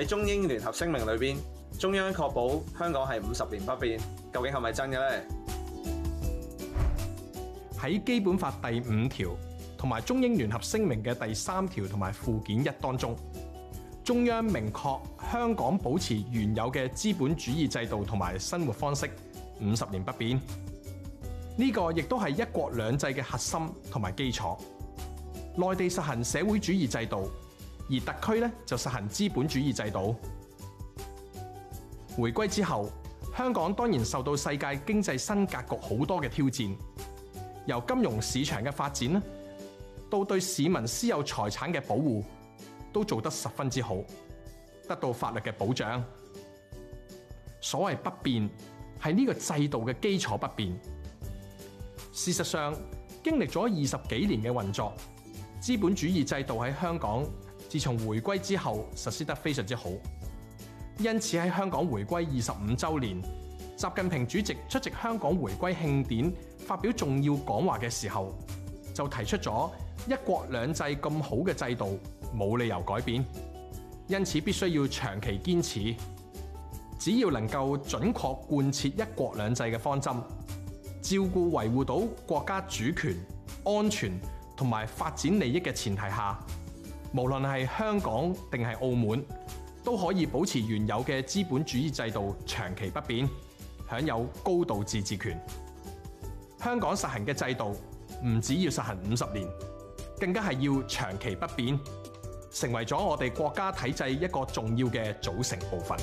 喺中英聯合聲明裏面，中央確保香港係五十年不變，究竟係咪真嘅咧？喺《基本法》第五條同埋中英聯合聲明嘅第三條同埋附件一當中，中央明確香港保持原有嘅資本主義制度同埋生活方式五十年不變。呢個亦都係一國兩制嘅核心同埋基礎。內地實行社會主義制度。而特區呢就實行資本主義制度。回歸之後，香港當然受到世界經濟新格局好多嘅挑戰，由金融市場嘅發展到對市民私有財產嘅保護，都做得十分之好，得到法律嘅保障。所謂不變係呢個制度嘅基礎不變。事實上，經歷咗二十幾年嘅運作，資本主義制度喺香港。自從回歸之後，實施得非常之好。因此喺香港回歸二十五週年，習近平主席出席香港回歸慶典發表重要講話嘅時候，就提出咗一國兩制咁好嘅制度，冇理由改變。因此必須要長期堅持，只要能夠準確貫徹一國兩制嘅方針，照顧維護到國家主權、安全同埋發展利益嘅前提下。無論係香港定係澳門，都可以保持原有嘅資本主義制度長期不變，享有高度自治權。香港實行嘅制度唔止要實行五十年，更加係要長期不變，成為咗我哋國家體制一個重要嘅組成部分。